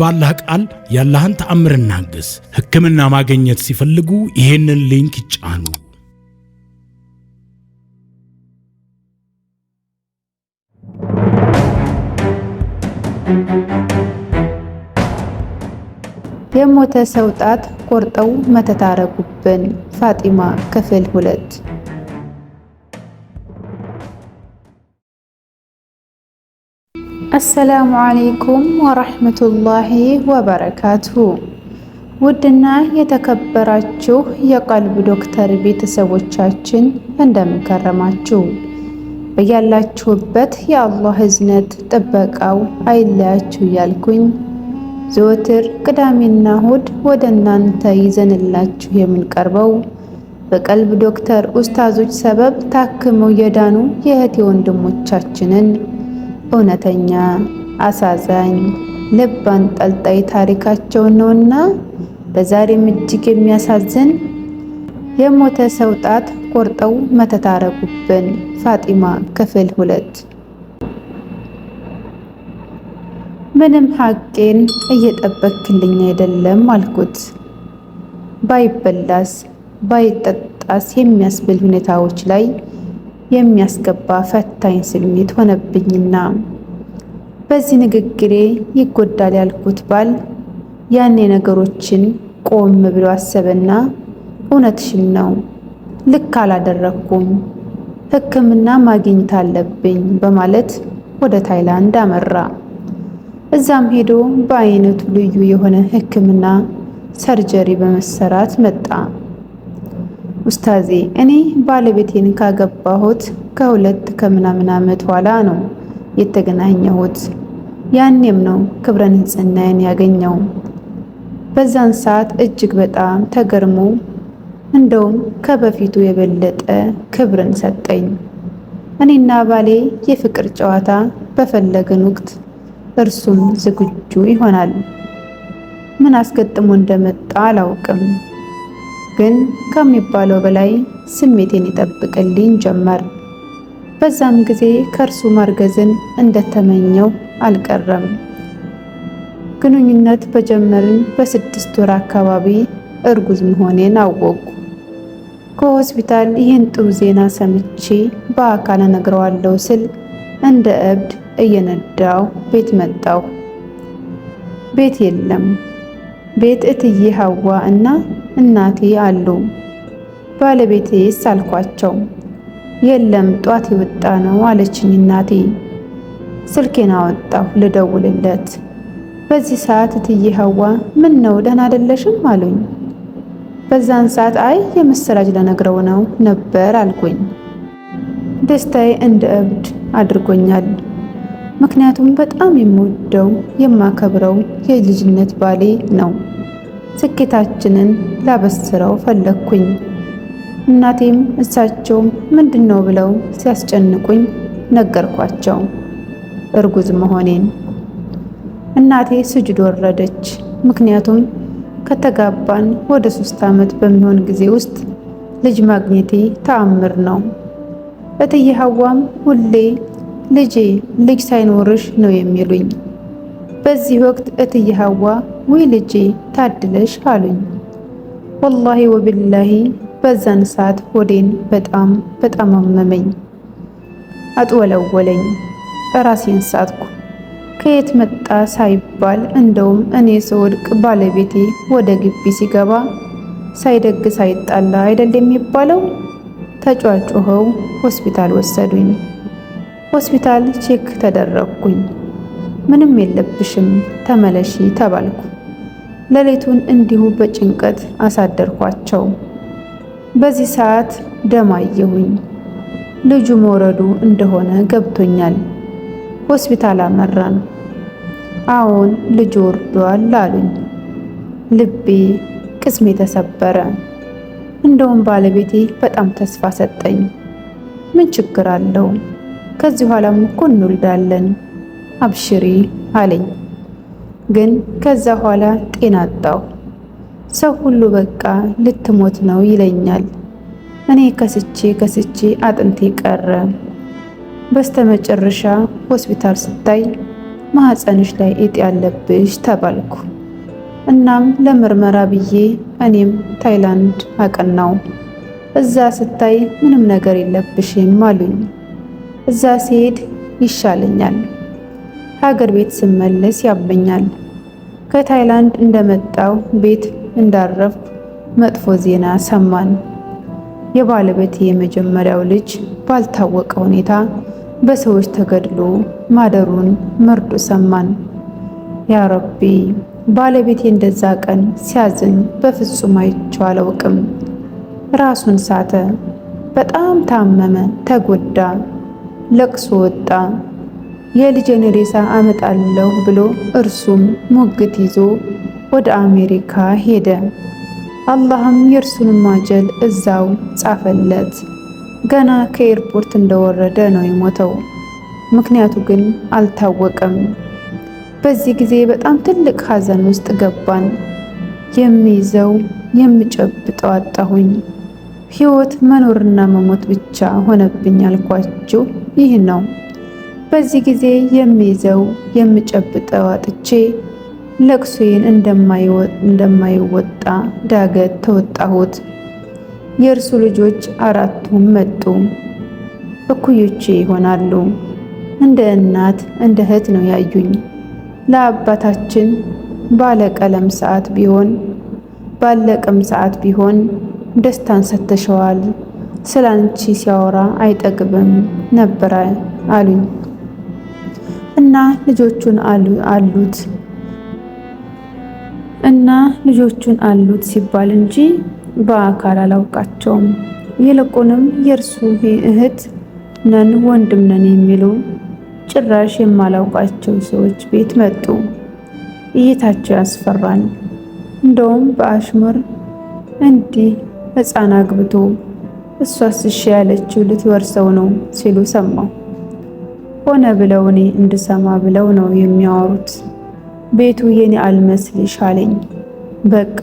ባላህ ቃል ያላህን ተአምር እናግስ። ሕክምና ማግኘት ሲፈልጉ ይሄንን ሊንክ ይጫኑ። የሞተ ሰው ጣት ቆርጠው መተት አረጉብን። ፋጢማ ክፍል ሁለት አሰላሙ አሌይኩም ወረህመቱላሂ ወበረካቱ። ውድና የተከበራችሁ የቀልብ ዶክተር ቤተሰቦቻችን እንደምንከረማችሁ፣ በያላችሁበት የአላህ እዝነት ጥበቃው አይለያችሁ እያልኩኝ ዘወትር ቅዳሜና እሁድ ወደ እናንተ ይዘንላችሁ የምንቀርበው በቀልብ ዶክተር ኡስታዞች ሰበብ ታክመው የዳኑ የእህቴ ወንድሞቻችንን እውነተኛ አሳዛኝ ልብ አንጠልጣይ ታሪካቸውን ነውና በዛሬም እጅግ የሚያሳዝን የሞተ ሰው ጣት ቆርጠው መተታረጉብን ፋጢማ ክፍል ሁለት። ምንም ሐቄን እየጠበክልኝ አይደለም አልኩት። ባይበላስ ባይጠጣስ የሚያስብል ሁኔታዎች ላይ የሚያስገባ ፈታኝ ስሜት ሆነብኝና በዚህ ንግግሬ ይጎዳል ያልኩት ባል ያኔ ነገሮችን ቆም ብሎ አሰበና እውነትሽን ነው፣ ልክ አላደረኩም፣ ሕክምና ማግኘት አለብኝ በማለት ወደ ታይላንድ አመራ። እዛም ሄዶ በአይነቱ ልዩ የሆነ ሕክምና ሰርጀሪ በመሰራት መጣ። ኡስታዜ እኔ ባለቤቴን ካገባሁት ከሁለት ከምናምን ዓመት ኋላ ነው የተገናኘሁት። ያኔም ነው ክብረ ንጽህናዬን ያገኘው። በዛን ሰዓት እጅግ በጣም ተገርሞ እንደውም ከበፊቱ የበለጠ ክብርን ሰጠኝ። እኔና ባሌ የፍቅር ጨዋታ በፈለግን ወቅት እርሱም ዝግጁ ይሆናል። ምን አስገጥሞ እንደመጣ አላውቅም። ግን ከሚባለው በላይ ስሜቴን ይጠብቅልኝ ጀመር። በዛም ጊዜ ከእርሱ ማርገዝን እንደተመኘው አልቀረም። ግንኙነት በጀመርን በስድስት ወር አካባቢ እርጉዝ መሆኔን አወቁ። ከሆስፒታል ይህን ጥሩ ዜና ሰምቼ በአካል እነግረዋለሁ ስል እንደ እብድ እየነዳው ቤት መጣሁ። ቤት የለም። ቤት እትዬ ሀዋ እና እናቴ አሉ። ባለቤቴስ አልኳቸው። የለም ጧት የወጣ ነው አለችኝ እናቴ። ስልኬን አወጣሁ ልደውልለት። በዚህ ሰዓት እትዬ ሀዋ ምን ነው ደህና አይደለሽም አሉኝ። በዛን ሰዓት አይ የምስራች ለነግረው ነው ነበር አልኩኝ። ደስታዬ እንደ እብድ አድርጎኛል። ምክንያቱም በጣም የምወደው የማከብረው የልጅነት ባሌ ነው። ስኬታችንን ላበስረው ፈለግኩኝ። እናቴም እሳቸውም ምንድን ነው ብለው ሲያስጨንቁኝ ነገርኳቸው እርጉዝ መሆኔን። እናቴ ስጅድ ወረደች። ምክንያቱም ከተጋባን ወደ ሶስት ዓመት በሚሆን ጊዜ ውስጥ ልጅ ማግኘቴ ተአምር ነው። እትዬ ሀዋም ሁሌ ልጄ ልጅ ሳይኖርሽ ነው የሚሉኝ። በዚህ ወቅት እትዬ ሀዋ ውይ ልጄ ታድለሽ አሉኝ። ወላሂ ወቢላሂ በዛን ሰዓት ሆዴን በጣም በጣም አመመኝ፣ አጥወለወለኝ፣ ራሴን ሳትኩ። ከየት መጣ ሳይባል እንደውም እኔ ስወድቅ ባለቤቴ ወደ ግቢ ሲገባ ሳይደግ ሳይጣላ አይደል የሚባለው። ተጫጩኸው ሆስፒታል ወሰዱኝ። ሆስፒታል ቼክ ተደረግኩኝ። ምንም የለብሽም ተመለሺ ተባልኩ። ሌሊቱን እንዲሁ በጭንቀት አሳደርኳቸው። በዚህ ሰዓት ደማየሁኝ። ልጁ መውረዱ እንደሆነ ገብቶኛል። ሆስፒታል አመራን። አዎን ልጁ ወርዷል አሉኝ። ልቤ ቅስሜ ተሰበረ። እንደውም ባለቤቴ በጣም ተስፋ ሰጠኝ። ምን ችግር አለው? ከዚህ ኋላም እኮ እንወልዳለን አብሽሪ አለኝ። ግን ከዛ ኋላ ጤና አጣው ሰው ሁሉ በቃ ልትሞት ነው ይለኛል። እኔ ከስቼ ከስቼ አጥንቴ ቀረ። በስተመጨረሻ ሆስፒታል ስታይ ማህፀንሽ ላይ እጢ ያለብሽ ተባልኩ። እናም ለምርመራ ብዬ እኔም ታይላንድ አቀናው። እዛ ስታይ ምንም ነገር የለብሽም አሉኝ። እዛ ስሄድ ይሻለኛል ሀገር ቤት ስመለስ ያበኛል። ከታይላንድ እንደመጣው ቤት እንዳረፍኩ መጥፎ ዜና ሰማን። የባለቤት የመጀመሪያው ልጅ ባልታወቀ ሁኔታ በሰዎች ተገድሎ ማደሩን መርዶ ሰማን። ያ ረቢ ባለቤቴ እንደዛ ቀን ሲያዝን በፍጹም አይቼው አላውቅም። ራሱን ሳተ። በጣም ታመመ፣ ተጎዳ፣ ለቅሶ ወጣ። የልጄን ሬሳ አመጣለሁ ብሎ እርሱም ሙግት ይዞ ወደ አሜሪካ ሄደ። አላህም የእርሱን ማጀል እዛው ጻፈለት። ገና ከኤርፖርት እንደወረደ ነው የሞተው። ምክንያቱ ግን አልታወቀም። በዚህ ጊዜ በጣም ትልቅ ሐዘን ውስጥ ገባን። የሚይዘው የምጨብጠው አጣሁኝ። ሕይወት መኖርና መሞት ብቻ ሆነብኝ። አልኳችሁ ይህ ነው። በዚህ ጊዜ የሚይዘው የምጨብጠው አጥቼ ለቅሶዬን እንደማይወጣ ዳገት ተወጣሁት። የእርሱ ልጆች አራቱም መጡ። እኩዮቼ ይሆናሉ። እንደ እናት እንደ እህት ነው ያዩኝ። ለአባታችን ባለቀለም ሰዓት ቢሆን ባለቅም ሰዓት ቢሆን ደስታን ሰጥተሸዋል። ስላንቺ ሲያወራ አይጠግብም ነበር አሉኝ። እና ልጆቹን አሉት እና ልጆቹን አሉት ሲባል እንጂ በአካል አላውቃቸውም። ይልቁንም የእርሱ እህት ነን ወንድም ነን የሚሉ ጭራሽ የማላውቃቸው ሰዎች ቤት መጡ። እይታቸው ያስፈራል። እንደውም በአሽሙር እንዲህ ሕፃን አግብቶ እሷስ እሺ ያለችው ልትወርሰው ነው ሲሉ ሰማው። ሆነ ብለው እኔ እንድሰማ ብለው ነው የሚያወሩት። ቤቱ የኔ አልመስልሽ አለኝ። በቃ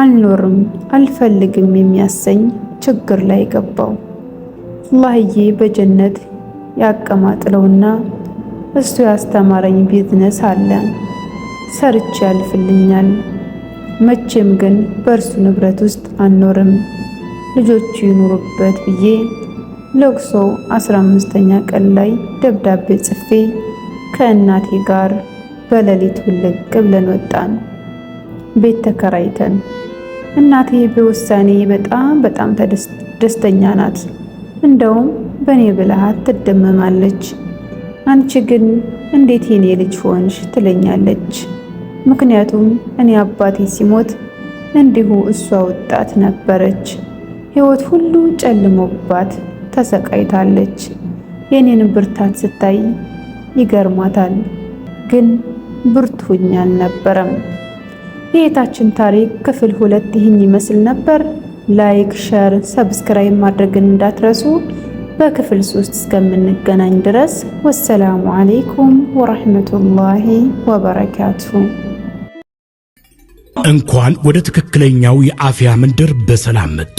አልኖርም አልፈልግም የሚያሰኝ ችግር ላይ ገባው። አላህዬ በጀነት ያቀማጥለውና እሱ ያስተማረኝ ቢዝነስ አለ ሰርቼ ያልፍልኛል። መቼም ግን በእርሱ ንብረት ውስጥ አንኖርም ልጆቹ ይኑሩበት ብዬ ለቅሶ 15ኛ ቀን ላይ ደብዳቤ ጽፌ ከእናቴ ጋር በሌሊት ውልቅ ብለን ወጣን። ቤት ተከራይተን እናቴ በውሳኔ በጣም በጣም ደስተኛ ናት። እንደውም በእኔ ብልሃት ትደመማለች። አንቺ ግን እንዴት የኔ ልጅ ሆንሽ ትለኛለች። ምክንያቱም እኔ አባቴ ሲሞት እንዲሁ እሷ ወጣት ነበረች። ሕይወት ሁሉ ጨልሞባት ተሰቃይታለች። የኔን ብርታት ስታይ ይገርማታል። ግን ብርቱ አልነበረም። የየታችን ታሪክ ክፍል ሁለት ይህን ይመስል ነበር። ላይክ፣ ሸር፣ ሰብስክራይብ ማድረግን እንዳትረሱ። በክፍል ሶስት እስከምንገናኝ ድረስ ወሰላሙ አሌይኩም ወራህመቱላሂ ወበረካቱ እንኳን ወደ ትክክለኛው የአፍያ መንደር በሰላም መጡ።